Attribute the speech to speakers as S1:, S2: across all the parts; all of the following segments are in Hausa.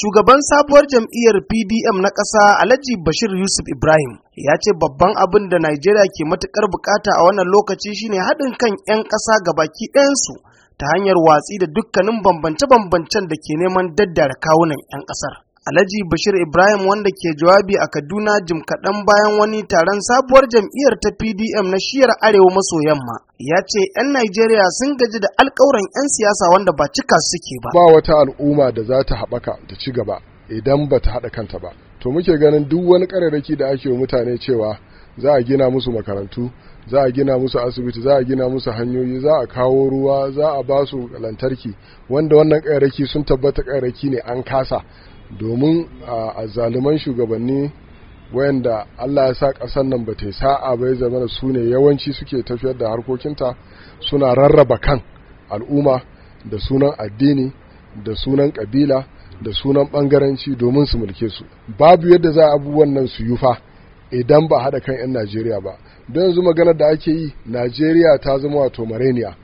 S1: shugaban sabuwar jam'iyyar pdm na ƙasa alhaji bashir yusuf ibrahim ya ce babban abin da najeriya ke matukar bukata a wannan lokaci shine haɗin kan 'yan ƙasa gabaki ɗayansu ta hanyar watsi da dukkanin bambance-bambancen da ke neman daddare kawunan 'yan ƙasar Alhaji Bashir Ibrahim wanda ke jawabi a Kaduna jim kaɗan bayan wani taron sabuwar jam'iyyar ta PDM na shiyar Arewa maso yamma. Ya ce 'yan Najeriya sun gaji da alƙawuran 'yan siyasa wanda ba cika suke ba. Ba
S2: wata al'umma da za ta haɓaka ta ci gaba idan ba ta haɗa kanta ba. To muke ganin duk wani ƙararraki da ake mutane cewa za a gina musu makarantu, za a gina musu asibiti, za a gina musu hanyoyi, za a kawo ruwa, za a ba su lantarki, wanda wannan ƙararraki sun tabbata ƙararraki ne an kasa. domin a zaluman shugabanni wayanda Allah ya sa ƙasar nan ba ta sa'a bai zama su ne yawanci suke tafiyar da harkokinta suna rarraba kan al'umma da sunan addini da sunan kabila da sunan bangaranci domin su mulke su babu yadda za a abubuwan nan su yufa idan ba haɗa kan 'yan najeriya ba don yanzu maganar da ake yi najeriya ta zama wato mareniya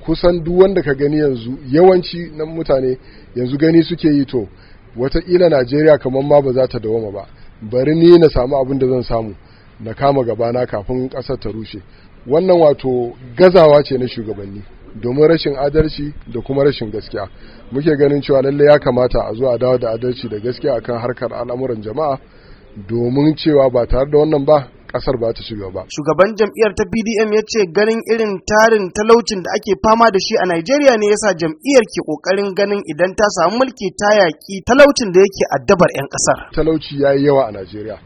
S2: kusan duk wanda ka gani yanzu yawanci na mutane yanzu gani suke yi to wataƙila najeriya kamar ma ba za ta dawoma ba bari ni na samu abin da zan samu na kama gabana kafin ƙasar ta rushe wannan wato gazawa ce na shugabanni domin rashin adalci da kuma rashin gaskiya muke ganin cewa lallai ya kamata a zo a dawo da adalci da gaskiya akan harkar al'amuran jama'a domin cewa ba tare da wannan ba
S1: kasar ba ta shiga ba. shugaban jam'iyyar ta PDM ya ce ganin irin tarin talaucin da ake fama da shi a Najeriya ne yasa jam'iyyar ke kokarin ganin idan ta samu mulki ta yaƙi talaucin da yake addabar 'yan kasar talauci yayi yawa a Najeriya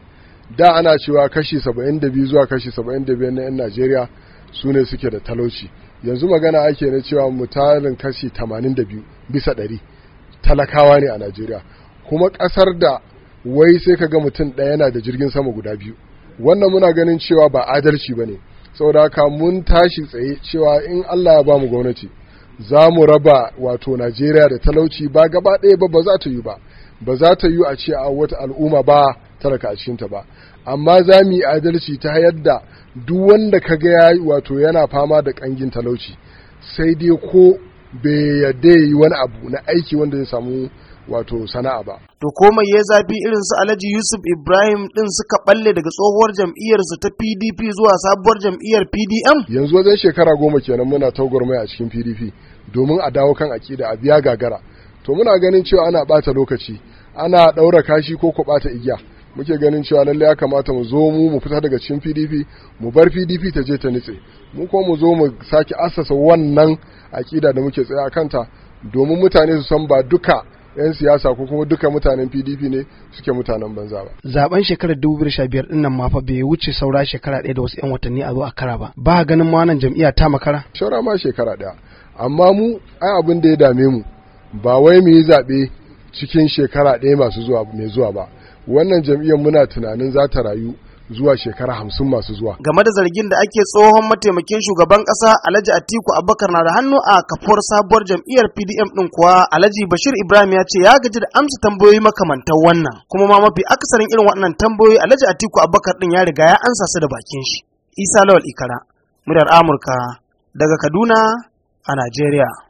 S1: da ana cewa kashi
S2: 72 zuwa kashi 75 na 'yan Najeriya su ne suke da talauci yanzu magana ake na cewa mutarin kashi 82 bisa 100 talakawa ne a Najeriya kuma ƙasar da wai sai ka ga mutum ɗaya yana da jirgin sama guda biyu wannan muna ganin cewa ba adalci ba ne saboda haka mun tashi tsaye cewa in allah ya ba mu gwamnati za mu raba wato najeriya da talauci ba gaba ɗaya ba ba za ta yi ba ba za ta yi a ce a wata al'umma ba talaka a cikinta ba amma za mu yi adalci ta yadda duk wanda ka ga wato yana fama da ƙangin talauci sai dai ko bai yadda yi wani abu na aiki wanda zai samu wato sana'a
S1: ba. To komai ya zafi irin su Alhaji Yusuf Ibrahim din suka balle daga tsohuwar su ta PDP zuwa sabuwar jam'iyyar PDM?
S2: Yanzu wajen shekara goma kenan muna gwarmai a cikin PDP domin a dawo kan aƙida a biya gagara. To muna ganin cewa ana ɓata lokaci, ana ɗaura kashi ko ku ɓata igiya. muke ganin cewa lallai ya kamata mu zo mu mu fita daga cikin PDP mu bar PDP ta je ta nitse mu kuma mu zo mu sake assasa wannan aƙida da muke tsaye a kanta domin mutane su san ba duka 'yan siyasa ko kuma duka mutanen pdp ne suke mutanen banza ba
S1: zaben shekarar 2015 din nan ma fa bai wuce saura shekara ɗaya da wasu 'yan watanni a zo a kara ba ba ganin ma wannan jam'iyya ta makara
S2: Shaura ma shekara ɗaya amma mu ai abin da ya dame mu ba wai mu yi zaɓe cikin shekara ɗaya masu zuwa mai zuwa ba wannan jam'iyyar muna tunanin za ta rayu zuwa shekara hamsin masu
S1: zuwa. Game da zargin da ake tsohon mataimakin shugaban ƙasa Alhaji Atiku Abubakar na da hannu a kafuwar sabuwar jam'iyyar PDM ɗin kuwa Alhaji Bashir Ibrahim ya ce ya gaji da amsa tambayoyi makamantar wannan kuma ma mafi akasarin irin waɗannan tambayoyi Alhaji Atiku Abubakar ɗin ya riga ya ansa su da bakin shi. Isa Lawal Ikara, muryar Amurka daga Kaduna a Najeriya.